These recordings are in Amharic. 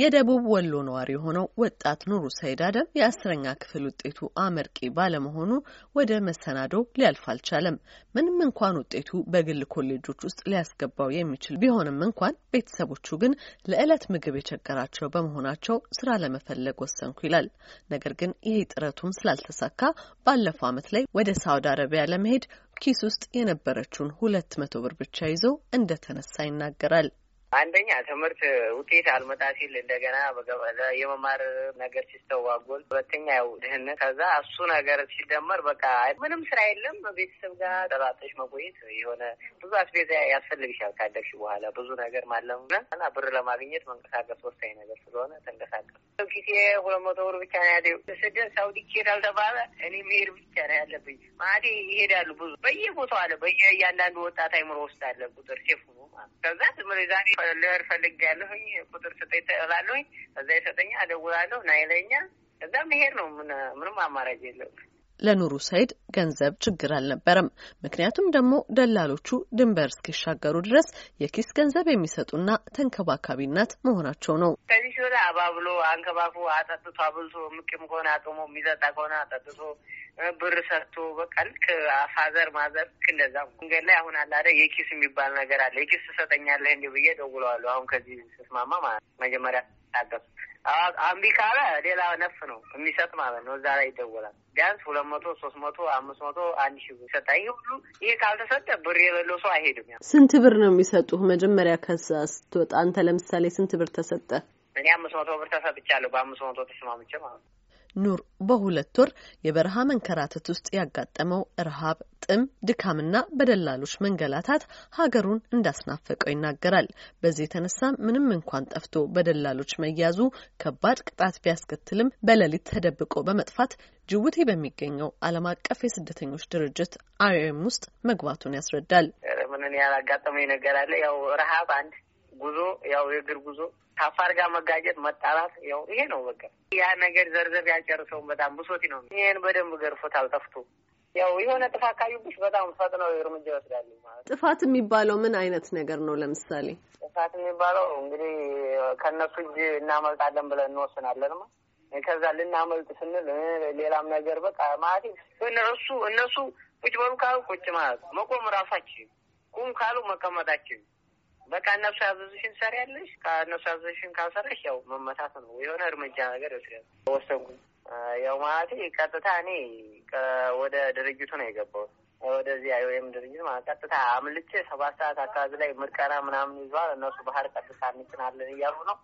የደቡብ ወሎ ነዋሪ የሆነው ወጣት ኑሩ ሰይድ አደም የአስረኛ ክፍል ውጤቱ አመርቂ ባለመሆኑ ወደ መሰናዶ ሊያልፍ አልቻለም። ምንም እንኳን ውጤቱ በግል ኮሌጆች ውስጥ ሊያስገባው የሚችል ቢሆንም እንኳን ቤተሰቦቹ ግን ለዕለት ምግብ የቸገራቸው በመሆናቸው ስራ ለመፈለግ ወሰንኩ ይላል። ነገር ግን ይህ ጥረቱም ስላልተሳካ ባለፈው ዓመት ላይ ወደ ሳውዲ አረቢያ ለመሄድ ኪስ ውስጥ የነበረችውን ሁለት መቶ ብር ብቻ ይዞ እንደተነሳ ይናገራል። አንደኛ ትምህርት ውጤት አልመጣ ሲል እንደገና የመማር ነገር ሲስተዋጎል፣ ሁለተኛ ያው ድህነት፣ ከዛ እሱ ነገር ሲደመር በቃ ምንም ስራ የለም። ቤተሰብ ጋር ጠባጠሽ መቆየት የሆነ ብዙ አስቤዛ ያስፈልግሻል ካደግሽ በኋላ ብዙ ነገር ማለም እና ብር ለማግኘት መንቀሳቀስ ወሳኝ ነገር ስለሆነ ተንቀሳቀስ። ኪሴ ሁለት መቶ ብር ብቻ ነው ያለ። ስደት ሳውዲ ኬድ አልተባለ እኔ መሄድ ብቻ ነው ያለብኝ። ማለቴ ይሄዳሉ ብዙ በየቦታው አለ በየእያንዳንዱ ወጣት አይምሮ ውስጥ አለ ቁጥር ሴፍ ሆኖ ከዛ ዛሬ ልሄድ ፈልጌያለሁኝ ቁጥር ስጠኝ እላለሁኝ። እዛ ይሰጠኛል፣ እደውላለሁ፣ ና ይለኛ። እዛ መሄድ ነው። ምንም አማራጭ የለውም። ለኑሩ ሰይድ ገንዘብ ችግር አልነበረም። ምክንያቱም ደግሞ ደላሎቹ ድንበር እስኪሻገሩ ድረስ የኪስ ገንዘብ የሚሰጡና ተንከባካቢነት መሆናቸው ነው። ከዚህ ሲወጣ አባብሎ አንከባክቦ አጠጥቶ አብልቶ ምቅም ከሆነ አቅሞ የሚጠጣ ከሆነ አጠጥቶ ብር ሰጥቶ በቃል ከፋዘር ማዘር እንደዛ መንገድ ላይ አሁን አላደ የኪስ የሚባል ነገር አለ። የኪስ ትሰጠኛለህ እንዲ ብዬ ደውለዋለሁ። አሁን ከዚህ ስስማማ ማለት መጀመሪያ ታገሱ አምቢ ካለ ሌላ ነፍ ነው የሚሰጥ ማለት ነው። እዛ ላይ ይደወላል። ቢያንስ ሁለት መቶ ሶስት መቶ አምስት መቶ አንድ ሺ ይሰጣ። ይህ ሁሉ ይህ ካልተሰጠ ብር የሌለው ሰው አይሄድም። ስንት ብር ነው የሚሰጡህ መጀመሪያ ከዛ ስትወጣ? አንተ ለምሳሌ ስንት ብር ተሰጠ? እኔ አምስት መቶ ብር ተሰጥቻለሁ። በአምስት መቶ ተስማምቼ ማለት ነው ኑር በሁለት ወር የበረሃ መንከራተት ውስጥ ያጋጠመው ረሃብ፣ ጥም፣ ድካምና በደላሎች መንገላታት ሀገሩን እንዳስናፈቀው ይናገራል። በዚህ የተነሳ ምንም እንኳን ጠፍቶ በደላሎች መያዙ ከባድ ቅጣት ቢያስከትልም በሌሊት ተደብቆ በመጥፋት ጅቡቲ በሚገኘው ዓለም አቀፍ የስደተኞች ድርጅት አይኤም ውስጥ መግባቱን ያስረዳል። ምን ነገር አለ? ያው ረሃብ አንድ ጉዞ ያው የእግር ጉዞ ታፋር ጋር መጋጨት፣ መጣላት ያው ይሄ ነው በቃ። ያ ነገር ዘርዘር ያጨርሰውን በጣም ብሶት ነው። ይሄን በደንብ ገርፎት አልጠፍቶ ያው የሆነ ጥፋት ካዩብሽ በጣም ፈጥነው እርምጃ ይወስዳሉ። ማለት ጥፋት የሚባለው ምን አይነት ነገር ነው? ለምሳሌ ጥፋት የሚባለው እንግዲህ ከእነሱ እጅ እናመልጣለን ብለን እንወስናለን ማ ከዛ ልናመልጥ ስንል ሌላም ነገር በቃ ማለት እነሱ እነሱ ቁጭ በሉ ካሉ ቁጭ ማለት መቆም ራሳችን ቁም ካሉ መቀመጣችን በቃ እነሱ ያዘዙሽን ትሰሪያለሽ፣ ከእነሱ ያዘዙሽን ካልሰራሽ ያው መመታት ነው። የሆነ እርምጃ ነገር ይወስዳል። ወሰንኩ ያው ማለት ቀጥታ እኔ ወደ ድርጅቱ ነው የገባሁት። ወደዚህ ወይም ድርጅት ማለት ቀጥታ አምልቼ ሰባት ሰዓት አካባቢ ላይ ምርቀና ምናምን ይዟል። እነሱ ባህር ቀጥታ እንጭናለን እያሉ ነው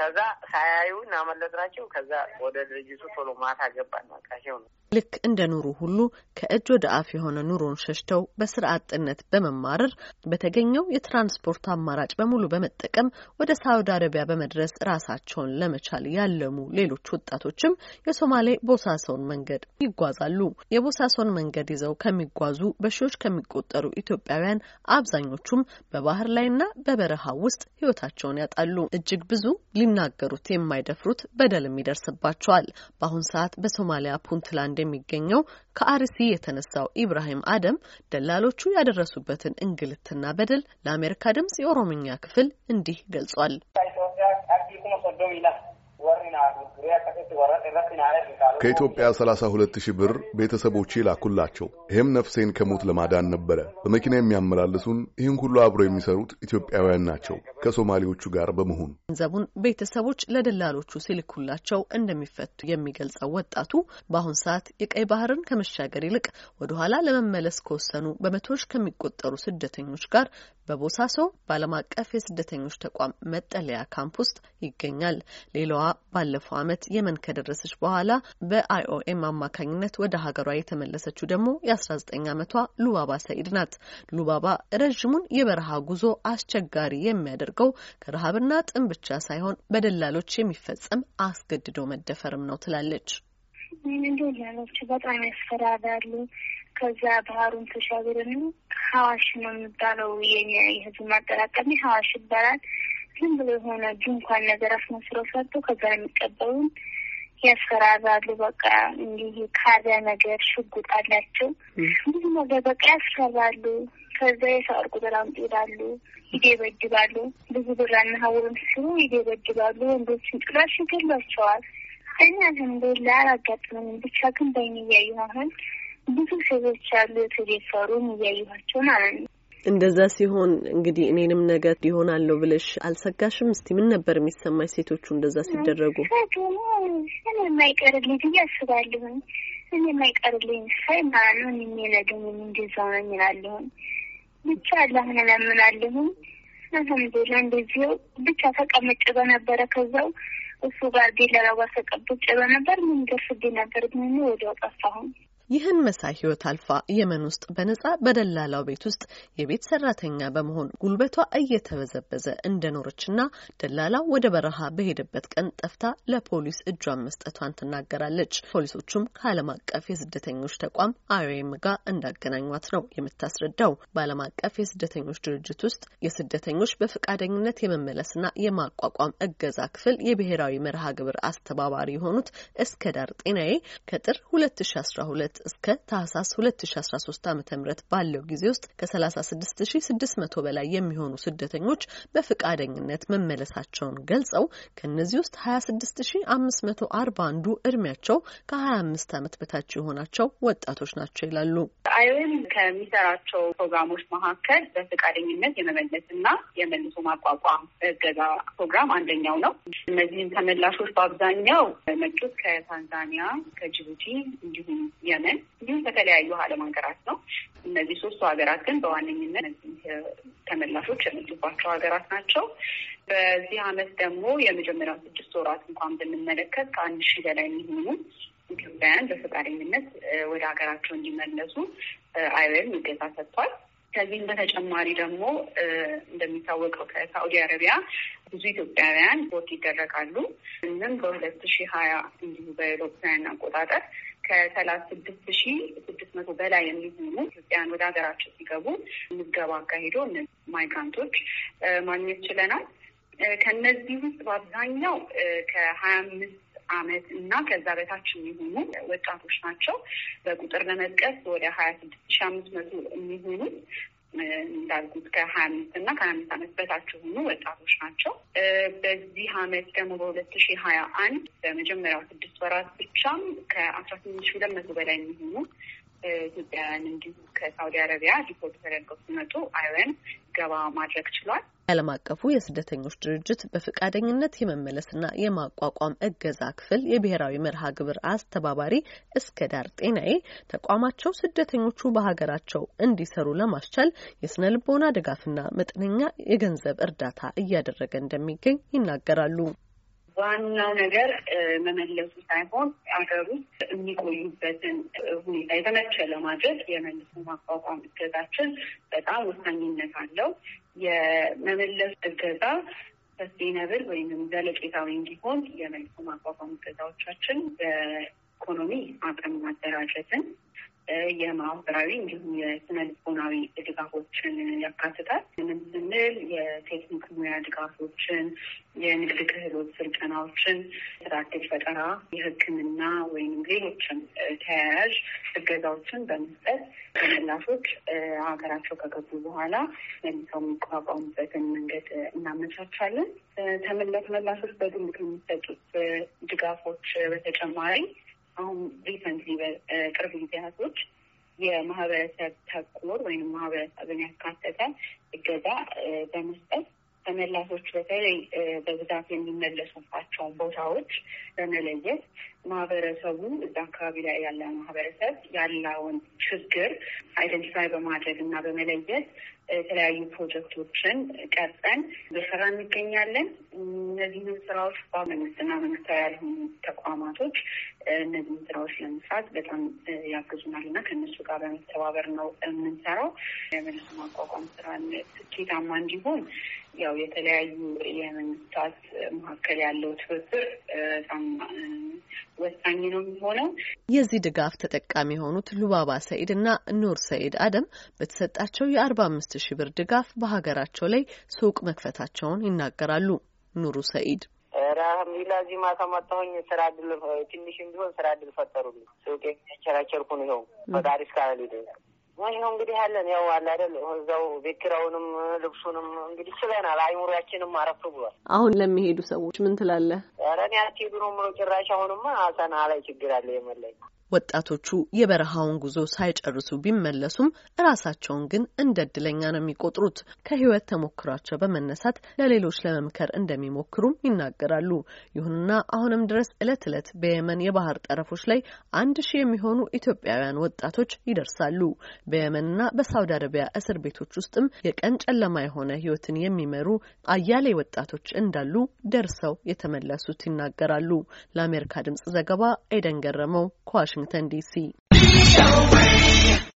ከዛ ሳያዩን አመለጥናቸው። ከዛ ወደ ድርጅቱ ቶሎ ማታ ገባን። ማቃሸው ነው ልክ እንደ ኑሩ ሁሉ ከእጅ ወደ አፍ የሆነ ኑሮን ሸሽተው በስራ አጥነት በመማረር በተገኘው የትራንስፖርት አማራጭ በሙሉ በመጠቀም ወደ ሳውዲ አረቢያ በመድረስ ራሳቸውን ለመቻል ያለሙ ሌሎች ወጣቶችም የሶማሌ ቦሳሶን መንገድ ይጓዛሉ። የቦሳሶን መንገድ ይዘው ከሚጓዙ በሺዎች ከሚቆጠሩ ኢትዮጵያውያን አብዛኞቹም በባህር ላይና በበረሃ ውስጥ ህይወታቸውን ያጣሉ። እጅግ ብዙ ሊናገሩት የማይደፍሩት በደልም ይደርስባቸዋል። በአሁን ሰዓት በሶማሊያ ፑንትላንድ የሚገኘው ከአርሲ የተነሳው ኢብራሂም አደም ደላሎቹ ያደረሱበትን እንግልትና በደል ለአሜሪካ ድምጽ የኦሮምኛ ክፍል እንዲህ ገልጿል። ከኢትዮጵያ 32 ሺህ ብር ቤተሰቦቼ ላኩላቸው። ይህም ነፍሴን ከሞት ለማዳን ነበረ። በመኪና የሚያመላልሱን ይህን ሁሉ አብሮ የሚሰሩት ኢትዮጵያውያን ናቸው ከሶማሌዎቹ ጋር በመሆኑ ገንዘቡን ቤተሰቦች ለደላሎቹ ሲልኩላቸው እንደሚፈቱ የሚገልጸው ወጣቱ በአሁን ሰዓት የቀይ ባህርን ከመሻገር ይልቅ ወደኋላ ለመመለስ ከወሰኑ በመቶዎች ከሚቆጠሩ ስደተኞች ጋር በቦሳሶ በዓለም አቀፍ የስደተኞች ተቋም መጠለያ ካምፕ ውስጥ ይገኛል። ሌላዋ ባለፈው ዓመት ዓመት የመን ከደረሰች በኋላ በአይኦኤም አማካኝነት ወደ ሀገሯ የተመለሰችው ደግሞ የ19 ዓመቷ ሉባባ ሰኢድ ናት። ሉባባ ረዥሙን የበረሃ ጉዞ አስቸጋሪ የሚያደርገው ከረሃብና ጥም ብቻ ሳይሆን በደላሎች የሚፈጸም አስገድዶ መደፈርም ነው ትላለች። ደላሎቹ በጣም ያስፈራራሉ። ከዛ ባህሩን ተሻገርን ሀዋሽ ነው የሚባለው የህዝብ ማጠራቀሚ ሀዋሽ ይባላል። ዝም ብሎ የሆነ ድንኳን ነገር አስመስሎ ሰጥቶ ከዛ የሚቀበሉን ያስፈራራሉ። በቃ እንዲህ ካቢያ ነገር ሽጉጥ አላቸው ብዙ ነገር በቃ ያስፈራሉ። ከዛ የሰዋር ቁጥር አምጡ ይላሉ፣ ይደበድባሉ። ብዙ ብር አናሀውርም ሲሉ ይደበድባሉ። ወንዶችን ጭራሽ ይገሏቸዋል። እኛ አልሐምዱሊላህ አላጋጥመንም። ብቻ ግን በይን እያየኋህን ብዙ ሰዎች አሉ የተደፈሩ እያየኋቸው ማለት ነው። እንደዛ ሲሆን እንግዲህ እኔንም ነገ ይሆናለሁ ብለሽ አልሰጋሽም? እስቲ ምን ነበር የሚሰማሽ ሴቶቹ እንደዛ ሲደረጉ? እኔ የማይቀርልኝ ብዬ አስባለሁኝ። እኔ የማይቀርልኝ ሳይ ማኑን የሚነግኝም እንደዛ ነኝ እላለሁኝ። ብቻ ለምን እለምናለሁኝ። አልሐምዱላ እንደዚው ብቻ ተቀምጬ በነበረ ከዛው እሱ ጋር ቢላላ ተቀብጭ በነበር ምን ደርስብኝ ነበር ግን ወዲያው ጠፋሁኝ። ይህን መሳይ ህይወት አልፋ የመን ውስጥ በነጻ በደላላው ቤት ውስጥ የቤት ሰራተኛ በመሆን ጉልበቷ እየተበዘበዘ እንደኖረችና ደላላው ወደ በረሃ በሄደበት ቀን ጠፍታ ለፖሊስ እጇን መስጠቷን ትናገራለች። ፖሊሶቹም ከዓለም አቀፍ የስደተኞች ተቋም አይኦኤም ጋር እንዳገናኟት ነው የምታስረዳው። በዓለም አቀፍ የስደተኞች ድርጅት ውስጥ የስደተኞች በፈቃደኝነት የመመለስና የማቋቋም እገዛ ክፍል የብሔራዊ መርሃ ግብር አስተባባሪ የሆኑት እስከ ዳር ጤናዬ ከጥር 2012 2007 እስከ ታህሳስ 2013 ዓ.ም ባለው ጊዜ ውስጥ ከ36600 በላይ የሚሆኑ ስደተኞች በፈቃደኝነት መመለሳቸውን ገልጸው ከእነዚህ ውስጥ 26541ዱ እድሜያቸው ከ25 ዓመት በታች የሆናቸው ወጣቶች ናቸው ይላሉ። አይወን ከሚሰራቸው ፕሮግራሞች መካከል በፍቃደኝነት የመመለስ እና የመልሶ ማቋቋም እገዛ ፕሮግራም አንደኛው ነው። እነዚህም ተመላሾች በአብዛኛው መጡት ከታንዛኒያ፣ ከጅቡቲ እንዲሁም የመን የተለያዩ ዓለም ሀገራት ነው። እነዚህ ሶስቱ ሀገራት ግን በዋነኝነት እነዚህ ተመላሾች የሚገባቸው ሀገራት ናቸው። በዚህ አመት ደግሞ የመጀመሪያው ስድስት ወራት እንኳን ብንመለከት ከአንድ ሺህ በላይ የሚሆኑ ኢትዮጵያውያን በፈቃደኝነት ወደ ሀገራቸው እንዲመለሱ አይወይም እገዛ ሰጥቷል። ከዚህም በተጨማሪ ደግሞ እንደሚታወቀው ከሳዑዲ አረቢያ ብዙ ኢትዮጵያውያን ቦት ይደረጋሉ። እንም በሁለት ሺህ ሀያ እንዲሁ በኤሮፓውያን አቆጣጠር ከሰላሳ ስድስት ሺ ስድስት መቶ በላይ የሚሆኑ ኢትዮጵያውያን ወደ ሀገራቸው ሲገቡ ምዝገባ አካሂዶ ማይግራንቶች ማግኘት ችለናል። ከነዚህ ውስጥ በአብዛኛው ከሀያ አምስት አመት እና ከዛ በታች የሚሆኑ ወጣቶች ናቸው። በቁጥር ለመጥቀስ ወደ ሀያ ስድስት ሺ አምስት መቶ የሚሆኑ እንዳልኩት ከሀያ አምስት እና ከሀያ አምስት ዓመት በታች የሆኑ ወጣቶች ናቸው። በዚህ አመት ደግሞ በሁለት ሺ ሀያ አንድ በመጀመሪያው ስድስት ወራት ብቻም ከአስራ ስምንት ሺ ሁለት መቶ በላይ የሚሆኑ ኢትዮጵያውያን እንዲሁ ከሳውዲ አረቢያ ዲፖርት ተደርገው ሲመጡ አይወን ገባ ማድረግ ችሏል። የዓለም አቀፉ የስደተኞች ድርጅት በፈቃደኝነት የመመለስና የማቋቋም እገዛ ክፍል የብሔራዊ መርሃ ግብር አስተባባሪ እስከ ዳር ጤናዬ ተቋማቸው ስደተኞቹ በሀገራቸው እንዲሰሩ ለማስቻል የስነ ልቦና ድጋፍና መጠነኛ የገንዘብ እርዳታ እያደረገ እንደሚገኝ ይናገራሉ። ዋናው ነገር መመለሱ ሳይሆን አገር ውስጥ የሚቆዩበትን ሁኔታ የተመቸ ለማድረግ የመልሶ ማቋቋም እገዛችን በጣም ወሳኝነት አለው። የመመለሱ እገዛ ሰስቴነብል ወይም ዘለቄታዊ እንዲሆን የመልሶ ማቋቋም እገዛዎቻችን በኢኮኖሚ አቅም ማደራጀትን የማህበራዊ እንዲሁም የስነ ልቦናዊ ድጋፎችን ያካትታል። ምን ስንል የቴክኒክ ሙያ ድጋፎችን፣ የንግድ ክህሎት ስልጠናዎችን፣ ስራ ዕድል ፈጠራ፣ የሕክምና ወይም ሌሎችም ተያያዥ እገዛዎችን በመስጠት ተመላሾች ሀገራቸው ከገቡ በኋላ መልሰው የሚቋቋሙበትን መንገድ እናመቻቻለን። ተመላሽ መላሾች በግል ከሚሰጡት ድጋፎች በተጨማሪ አሁን ሪሰንትሊ በቅርብ ጊዜያቶች የማህበረሰብ ተኮር ወይም ማህበረሰብን ያካተተ እገዛ በመስጠት ተመላሾች በተለይ በብዛት የሚመለሱባቸውን ቦታዎች በመለየት ማህበረሰቡ እዛ አካባቢ ላይ ያለ ማህበረሰብ ያለውን ችግር አይደንቲፋይ በማድረግ እና በመለየት የተለያዩ ፕሮጀክቶችን ቀርጸን በስራ እንገኛለን። እነዚህንም ስራዎች በመንግስትና መንግስታዊ ያልሆኑ ተቋማቶች እነዚህን ስራዎች ለመስራት በጣም ያግዙናል እና ከእነሱ ጋር በመተባበር ነው የምንሰራው። የመልሶ ማቋቋም ስራን ስኬታማ እንዲሆን ያው የተለያዩ የመንግስታት መካከል ያለው ትብብር በጣም ወሳኝ ነው የሚሆነው። የዚህ ድጋፍ ተጠቃሚ የሆኑት ሉባባ ሰኢድ እና ኑር ሰኢድ አደም በተሰጣቸው የአርባ አምስት ሺህ ብር ድጋፍ በሀገራቸው ላይ ሱቅ መክፈታቸውን ይናገራሉ። ኑሩ ሰኢድ ራሚላ አልሐምዱሊላህ እዚህ ማታ መጣሁኝ ስራ እድል ትንሽም ቢሆን ስራ እድል ፈጠሩልኝ። ሱቅ የቸራቸርኩን ይኸው ፈጣሪ እስካለልኝ ይኸው እንግዲህ ያለን ያው አለ አይደል እዛው ቤት ኪራዩንም ልብሱንም እንግዲህ ችለናል። አይምሮያችንም አረፍ ብሏል። አሁን ለሚሄዱ ሰዎች ምን ትላለህ? ኧረ እኔ አትሄዱ ነው የምለው ጭራሽ። አሁንማ አሰና ላይ ችግር አለ የመለኝ ወጣቶቹ የበረሃውን ጉዞ ሳይጨርሱ ቢመለሱም እራሳቸውን ግን እንደ እድለኛ ነው የሚቆጥሩት። ከህይወት ተሞክሯቸው በመነሳት ለሌሎች ለመምከር እንደሚሞክሩም ይናገራሉ። ይሁንና አሁንም ድረስ እለት እለት በየመን የባህር ጠረፎች ላይ አንድ ሺህ የሚሆኑ ኢትዮጵያውያን ወጣቶች ይደርሳሉ። በየመንና በሳውዲ አረቢያ እስር ቤቶች ውስጥም የቀን ጨለማ የሆነ ህይወትን የሚመሩ አያሌ ወጣቶች እንዳሉ ደርሰው የተመለሱት ይናገራሉ። ለአሜሪካ ድምጽ ዘገባ ኤደን ገረመው ከዋሽንግተን ዋሽንግተን ዲሲ